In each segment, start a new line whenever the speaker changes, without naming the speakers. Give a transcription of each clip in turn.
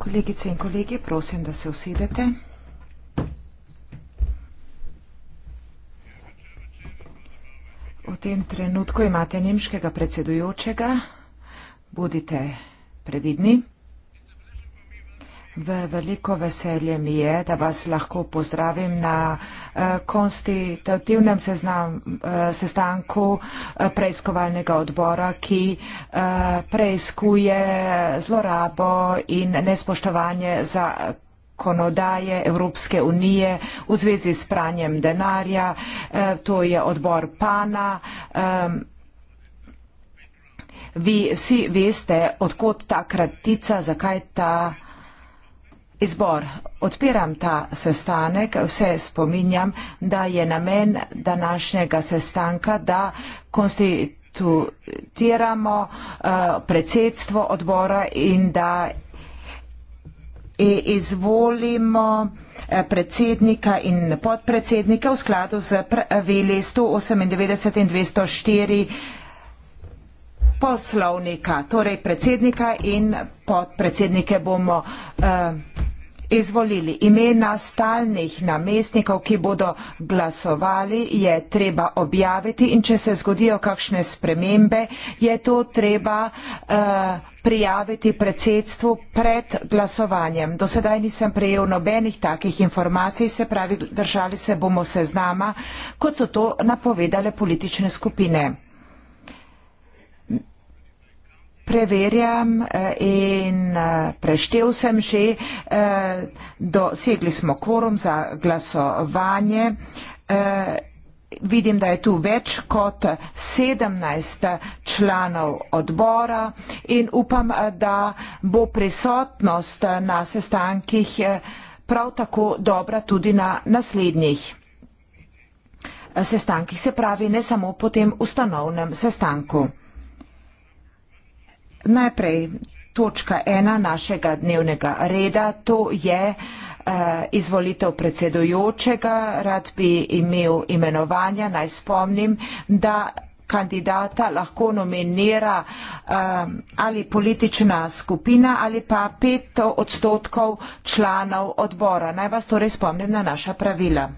Kolegice in kolegi, prosim, da se usedete. V tem trenutku imate nemškega predsedujočega. Bodite previdni. V veliko veselje mi je, da vas lahko pozdravim na uh, konstitutivnem seznam, uh, sestanku uh, preiskovalnega odbora, ki uh, preiskuje zlorabo in nespoštovanje za konodaje Evropske unije v zvezi s pranjem denarja. Uh, to je odbor PANA. Um, vi vsi veste, odkot ta kratica, zakaj ta izbor. Odpiram ta sestanek, vse spominjam, da je namen današnjega sestanka, da konstituiramo uh, predsedstvo odbora in da e, izvolimo eh, predsednika in podpredsednika v skladu z pravili 198 in 204 poslovnika, torej predsednika in podpredsednike bomo uh, izvolili imena stalnih namestnikov, ki bodo glasovali, je treba objaviti in če se zgodijo kakšne spremembe, je to treba uh, prijaviti predsedstvu pred glasovanjem. Do sedaj nisem prejel nobenih takih informacij, se pravi, držali se bomo seznama, kot so to napovedale politične skupine preverjam eh, in eh, preštev sem že, eh, dosegli smo kvorum za glasovanje. Vidim, da je tu več kot 17 članov odbora in upam, da bo prisotnost na sestankih prav tako dobra tudi na naslednjih sestankih, se pravi ne samo po tem ustanovnem sestanku. Najprej točka ena našega dnevnega reda, to je eh, izvolitev predsedujočega. Rad bi imel imenovanja, naj spomnim, da kandidata lahko nominira eh, ali politična skupina ali pa pet odstotkov članov odbora. Naj vas torej spomnim na naša pravila.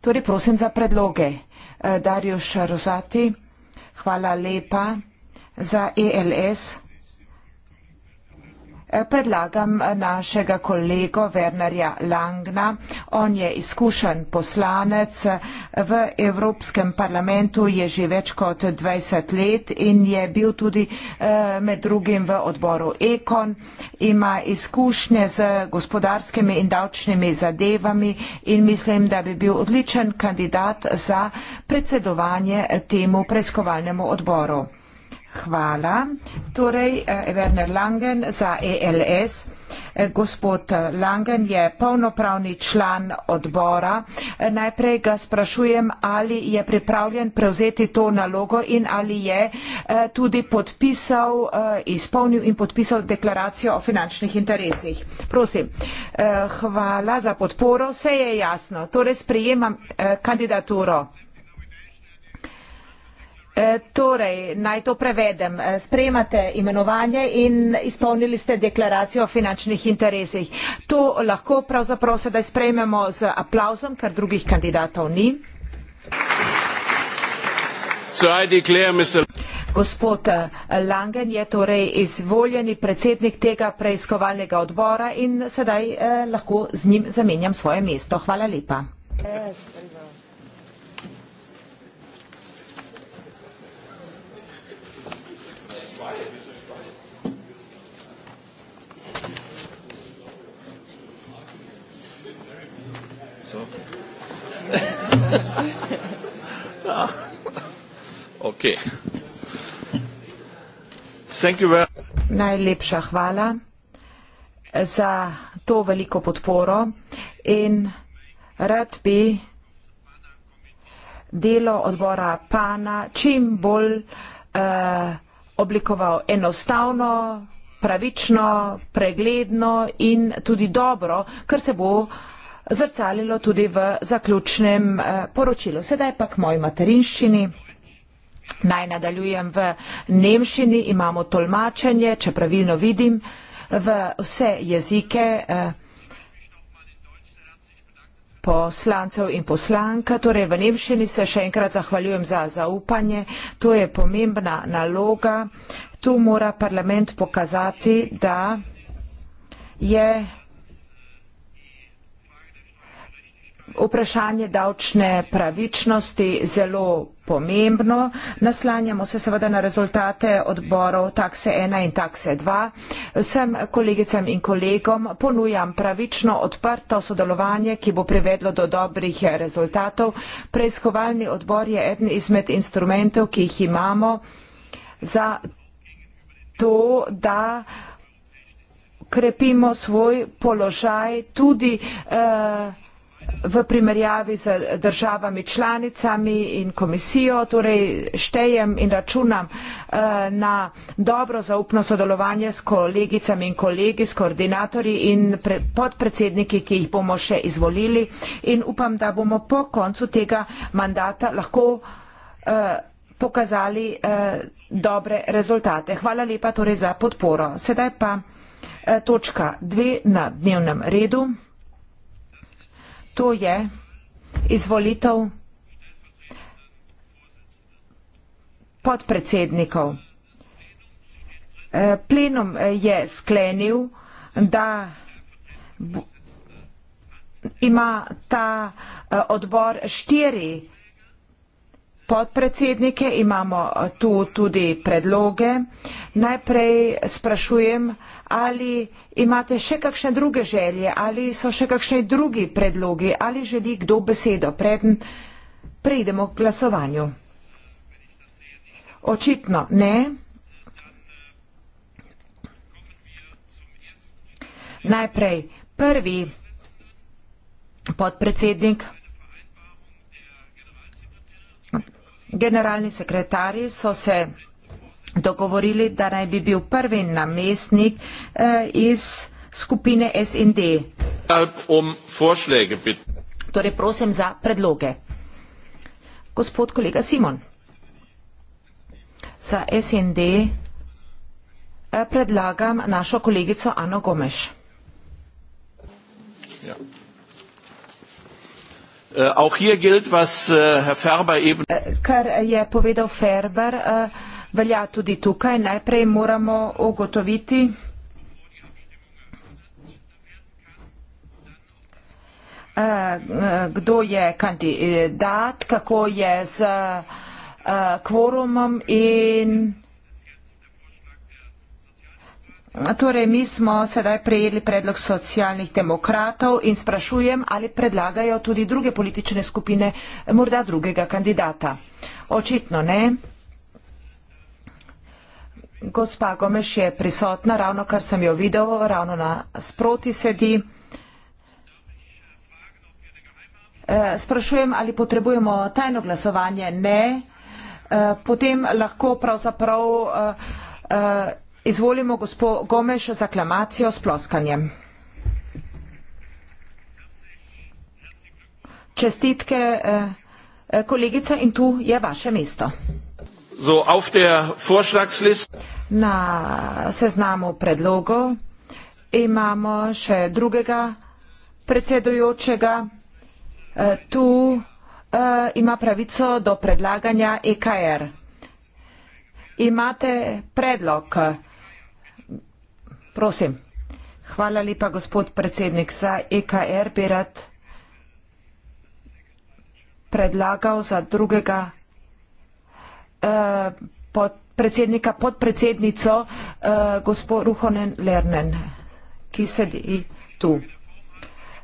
Torej prosim za predloge. Eh, Darjuš Rozati, hvala lepa za ELS. Eh, predlagam eh, našega kolego Wernerja Langna. On je izkušen poslanec eh, v Evropskem parlamentu, je že več kot 20 let in je bil tudi med drugim v odboru Ekon. Ima izkušnje z gospodarskimi in davčnimi zadevami in mislim, da bi bil odličen kandidat za predsedovanje temu preiskovalnemu odboru. Hvala. Torej, eh, Werner Langen za ELS. Eh, gospod eh, Langen je polnopravni član odbora. Najprej ga sprašujem, ali je pripravljen prevzeti to nalogo in ali je tudi podpisal, izpolnil in podpisal deklaracijo o finančnih interesih. Prosim, hvala za podporo. Vse je jasno. Torej, sprejemam kandidaturo. E, torej, naj to prevedem. E, sprejmate imenovanje in izpolnili ste deklaracijo o finančnih interesih. To lahko pravzaprav sedaj sprejmemo z aplauzom, ker drugih kandidatov ni. So Gospod e, Langen je torej izvoljeni predsednik tega preiskovalnega odbora in sedaj eh, lahko z njim zamenjam svoje mesto. Hvala lepa. Eh, So. okay. Thank you very Najlepša hvala za to veliko podporo in rad bi delo odbora Pana čim bolj uh, oblikoval enostavno, pravično, pregledno in tudi dobro, kar se bo zrcalilo tudi v zaključnem eh, poročilu. Sedaj pa k moji materinščini. Naj nadaljujem v Nemščini, imamo tolmačenje, če pravilno vidim, v vse jezike. Eh, poslancev in poslanka. Torej, v Nemščini se še enkrat zahvaljujem za zaupanje. To je pomembna naloga. Tu mora parlament pokazati, da je vprašanje davčne pravičnosti zelo pomembno. Naslanjamo se seveda na rezultate odborov takse 1 in takse 2. Vsem kolegicam in kolegom ponujam pravično odprto sodelovanje, ki bo privedlo do dobrih rezultatov. Preiskovalni odbor je eden izmed instrumentov, ki jih imamo za to, da krepimo svoj položaj tudi eh, v primerjavi z državami članicami in komisijo, torej štejem in računam eh, na dobro zaupno sodelovanje s kolegicami in kolegi, s koordinatorji in podpredsedniki, ki jih bomo še izvolili in upam, da bomo po koncu tega mandata lahko eh, pokazali eh, dobre rezultate. Hvala lepa torej za podporo. Sedaj pa točka dve na dnevnem redu to je izvolitev podpredsednikov. Eh, plenum eh, je sklenil, da ima ta eh, odbor štiri podpredsednike, imamo tu tudi predloge. Najprej sprašujem, ali imate še kakšne druge želje, ali so še kakšni drugi predlogi, ali želi kdo besedo, preden pridemo k glasovanju. Očitno ne. Najprej prvi podpredsednik. Generalni sekretarji so se dogovorili, da naj bi bil prvi namestnik eh, iz skupine SND. Um torej prosim za predloge. Gospod kolega Simon, za SND eh, predlagam našo kolegico Ano Gomeš. Ja. Uh, gilt, was, uh, eben... Eh, kar je povedal Ferber, uh, velja tudi tukaj. Najprej moramo ugotoviti, eh, kdo je kandidat, kako je z eh, kvorumom in Torej, mi smo sedaj prejeli predlog socialnih demokratov in sprašujem, ali predlagajo tudi druge politične skupine morda drugega kandidata. Očitno ne. Gospa Gomeš je prisotna, ravno kar sem jo videl, ravno na sproti sedi. E, sprašujem, ali potrebujemo tajno glasovanje? Ne. E, potem lahko pravzaprav e, izvolimo gospo Gomeš za klamacijo s ploskanjem. Čestitke, kolegica, in tu je vaše mesto. So, auf der Vorschlagsliste na seznamu predlogov. Imamo še drugega predsedujočega. E, tu e, ima pravico do predlaganja EKR. Imate predlog. Prosim. Hvala lepa, gospod predsednik. Za EKR bi rad predlagal za drugega eh, pod, predsednika podpredsednico uh, eh, gospod Ruhonen Lernen, ki sedi tu.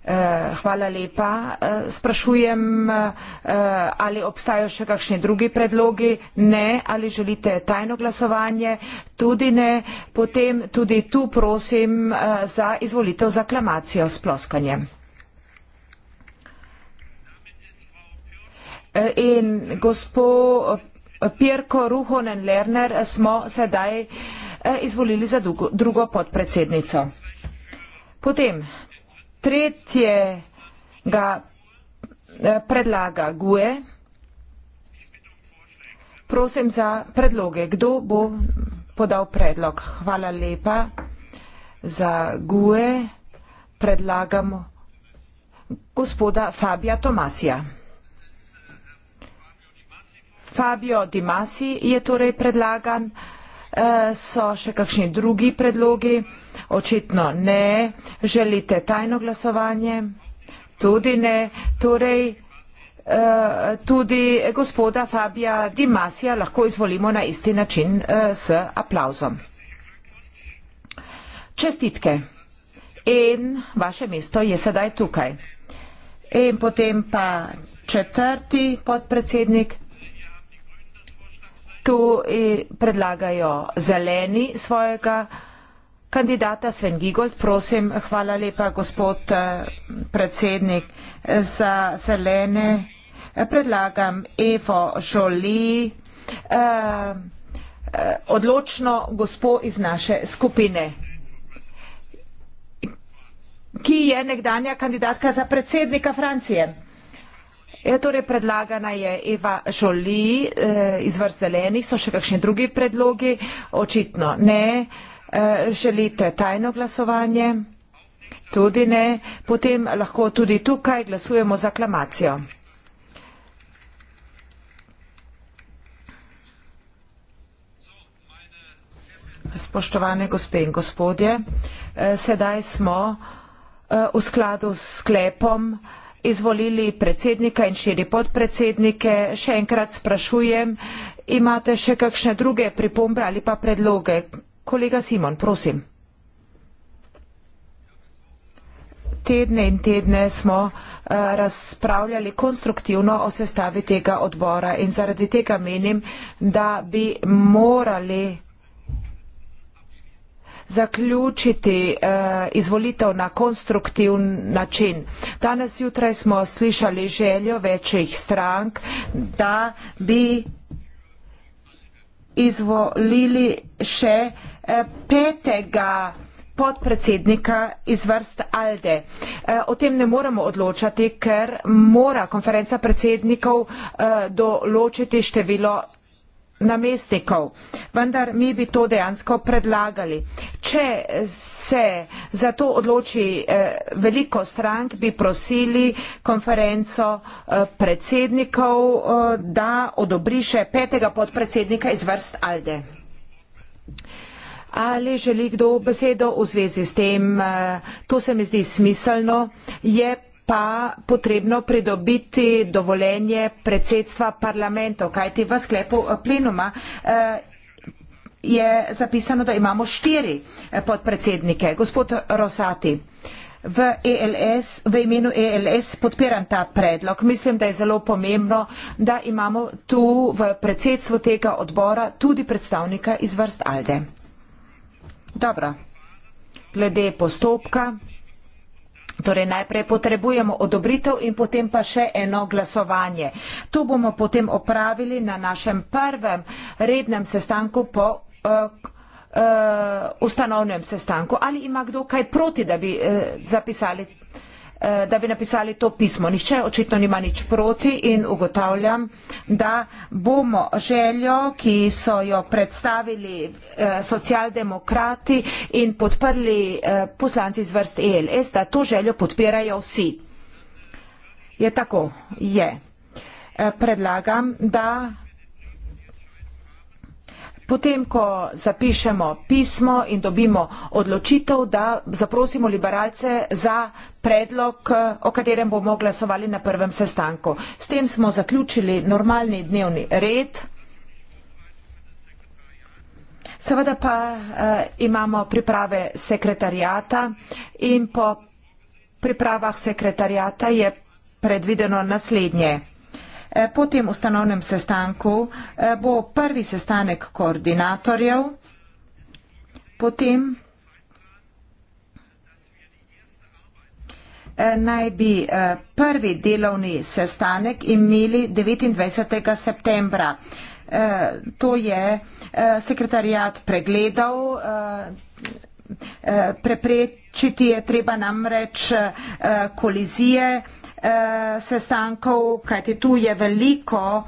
Eh, hvala lepa. Eh, sprašujem, ali obstajajo še kakšni drugi predlogi? Ne. Ali želite tajno glasovanje? Tudi ne. Potem tudi tu prosim za izvolitev za aklamacijo s ploskanjem. In gospod Pirko Ruhonen Lerner smo sedaj eh, izvolili za drugo podpredsednico. Potem tretje ga eh, predlaga Gue. Prosim za predloge. Kdo bo podal predlog? Hvala lepa za Gue. Predlagam gospoda Fabija Tomasija. Fabio Di Masi je torej predlagan. Eh, so še kakšni drugi predlogi? Očitno ne. Želite tajno glasovanje? Tudi ne. Torej eh, tudi gospoda Fabija Di Masija lahko izvolimo na isti način eh, s aplauzom. Čestitke. In vaše mesto je sedaj tukaj. In potem pa četrti podpredsednik Tu eh, predlagajo zeleni svojega kandidata Sven Gigold. Prosim, hvala lepa, gospod eh, predsednik. Za zelene eh, predlagam Evo Žoli, odločno gospo iz naše skupine ki je nekdanja kandidatka za predsednika Francije. E, torej predlagana je Eva Žoli e, eh, iz Vrzelenih, so še kakšni drugi predlogi? Očitno ne. E, želite tajno glasovanje? Tudi ne. Potem lahko tudi tukaj glasujemo za aklamacijo. Spoštovane gospe in gospodje, eh, sedaj smo v skladu s sklepom izvolili predsednika in štiri podpredsednike. Še enkrat sprašujem, imate še kakšne druge pripombe ali pa predloge? Kolega Simon, prosim. Tedne in tedne smo eh, razpravljali konstruktivno o sestavi tega odbora in zaradi tega menim, da bi morali zaključiti eh, izvolitev na konstruktivn način. Danes jutraj smo slišali željo večjih strank, da bi izvolili še eh, petega podpredsednika iz vrst Alde. Eh, o tem ne moremo odločati, ker mora konferenca predsednikov eh, določiti število namestnikov. Vendar mi bi to dejansko predlagali. Če se za to odloči eh, veliko strank, bi prosili konferenco eh, predsednikov, eh, da odobri še petega podpredsednika iz vrst Alde. Ali želi kdo besedo v zvezi s tem? Eh, to se mi zdi smiselno. Je pa potrebno pridobiti dovoljenje predsedstva parlamentov, kajti v sklepu eh, plenuma eh, je zapisano, da imamo štiri eh, podpredsednike. Gospod Rosati, v, ELS, v imenu ELS podpiram ta predlog. Mislim, da je zelo pomembno, da imamo tu v predsedstvu tega odbora tudi predstavnika iz vrst Alde. Dobro. Glede postopka. Torej najprej potrebujemo odobritev in potem pa še eno glasovanje. To bomo potem opravili na našem prvem rednem sestanku po uh, uh, ustanovnem sestanku. Ali ima kdo kaj proti, da bi uh, zapisali Eh, da bi napisali to pismo. Nihče očitno nima nič proti in ugotavljam, da bomo željo, ki so jo predstavili eh, socialdemokrati in podprli eh, poslanci z vrst ELS, da to željo podpirajo vsi. Je tako? Je. Predlagam, da potem, ko zapišemo pismo in dobimo odločitev, da zaprosimo liberalce za predlog, o katerem bomo glasovali na prvem sestanku. S tem smo zaključili normalni dnevni red. Seveda pa eh, imamo priprave sekretarijata in po pripravah sekretarijata je predvideno naslednje. Eh, po tem ustanovnem sestanku eh, bo prvi sestanek koordinatorjev, potem eh, naj bi prvi delovni sestanek imeli 29. septembra. To je sekretarijat pregledal, preprečiti je treba namreč kolizije Eh, sestankov, kajti tu je veliko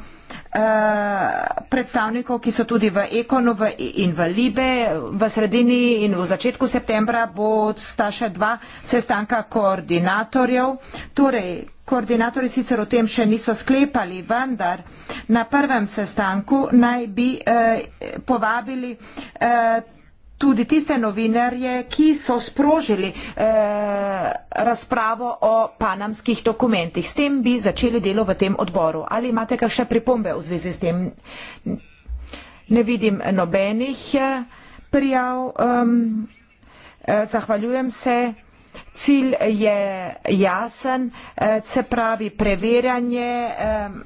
eh, predstavnikov, ki so tudi v Ekonu in v Libe. V sredini in v začetku septembra bo sta še dva sestanka koordinatorjev. Torej, koordinatori sicer o tem še niso sklepali, vendar na prvem sestanku naj bi eh, povabili eh, tudi tiste novinarje, ki so sprožili eh, razpravo o panamskih dokumentih. S tem bi začeli delo v tem odboru. Ali imate kar še pripombe v zvezi s tem? Ne vidim nobenih eh, prijav. Um, zahvaljujem se. Cilj je jasen, eh, se pravi preverjanje ehm,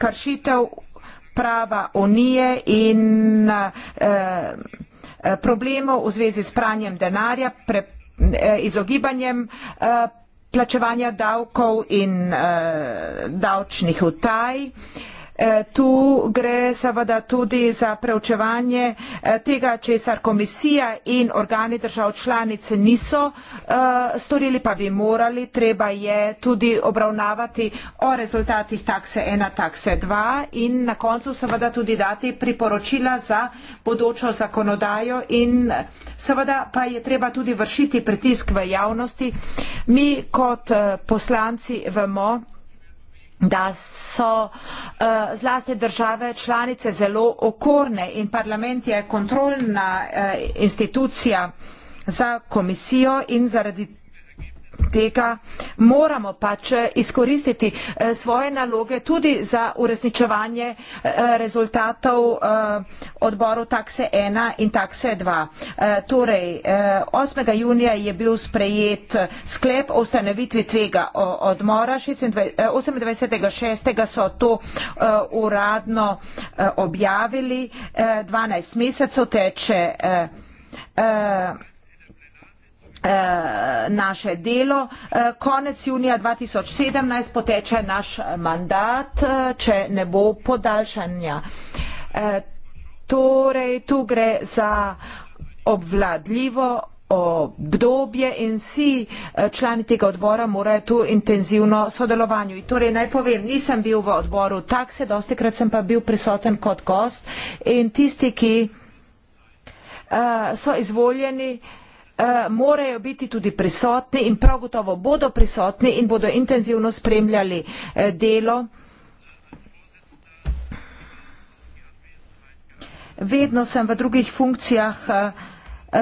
kršitev prava Unije in uh, Eh, problemov v zvezi s pranjem denarja, pre, eh, izogibanjem eh, plačevanja davkov in davčnih utaj. Eh, tu gre seveda tudi za preučevanje eh, tega, česar komisija in organi držav članice niso eh, storili, pa bi morali, treba je tudi obravnavati o rezultatih takse ena, takse dva in na koncu seveda tudi dati priporočila za bodočo zakonodajo in seveda pa je treba tudi vršiti pritisk v javnosti. Mi kot poslanci vemo, da so uh, zlasti države članice zelo okorne in parlament je kontrolna uh, institucija za komisijo in zaradi tega moramo pač eh, izkoristiti eh, svoje naloge tudi za uresničevanje eh, rezultatov odborov takse 1 in takse 2. Torej, 8. junija je bil sprejet sklep o ustanovitvi tvega odmora, 28.6. so to uradno objavili, 12 mesecev teče Eh, naše delo. Eh, konec junija 2017 poteče naš mandat, eh, če ne bo podaljšanja. Torej, tu gre za obvladljivo obdobje in vsi člani tega odbora morajo tu intenzivno sodelovanju. Torej, naj povem, nisem bil v odboru takse, dosti krat sem pa bil prisoten kot gost in tisti, ki uh, so izvoljeni uh, Eh, morajo biti tudi prisotni in prav gotovo bodo prisotni in bodo intenzivno spremljali eh, delo. Vedno sem v drugih funkcijah eh,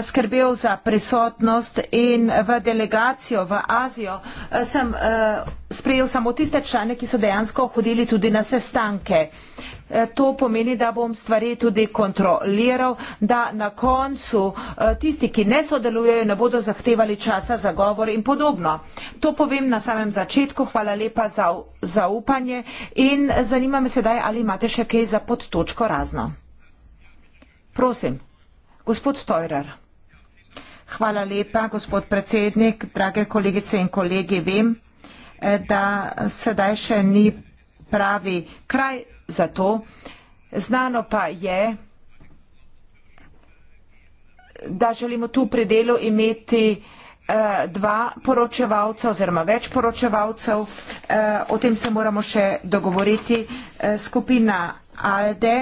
skrbel za prisotnost in v delegacijo v Azijo eh, sem eh, sprejel samo tiste člane, ki so dejansko hodili tudi na sestanke. Eh, to pomeni, da bom stvari tudi kontroliral, da na koncu tisti, ki ne sodelujejo, ne bodo zahtevali časa za govor in podobno. To povem na samem začetku. Hvala lepa za zaupanje in zanima me sedaj, ali imate še kaj za podtočko razno. Prosim. Gospod Teurer. Hvala lepa, gospod predsednik, drage kolegice in kolegi. Vem, eh, da sedaj še ni pravi kraj za to. Znano pa je, da želimo tu pri delu imeti eh, dva poročevalca oziroma več poročevalcev. Eh, o tem se moramo še dogovoriti. Skupina ALDE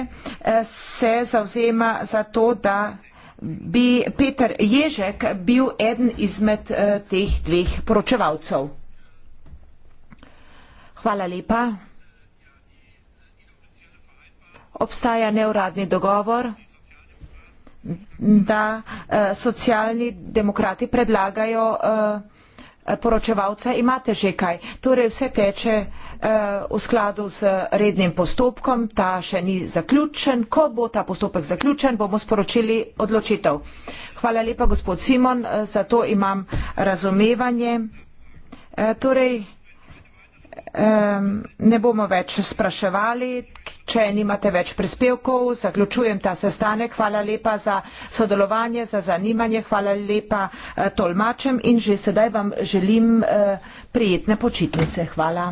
se zauzema za to, da bi Peter Ježek bil eden izmed eh, teh dveh poročevalcev. Hvala lepa. Obstaja neuradni dogovor, da eh, socialni demokrati predlagajo eh, poročevalca imate že kaj. Torej vse teče eh, v skladu z rednim postopkom, ta še ni zaključen. Ko bo ta postopek zaključen, bomo sporočili odločitev. Hvala lepa, gospod Simon, eh, za to imam razumevanje. Eh, torej, um, ne bomo več spraševali. Če nimate več prispevkov, zaključujem ta sestanek. Hvala lepa za sodelovanje, za zanimanje, hvala lepa uh, tolmačem in že sedaj vam želim uh, prijetne počitnice. Hvala.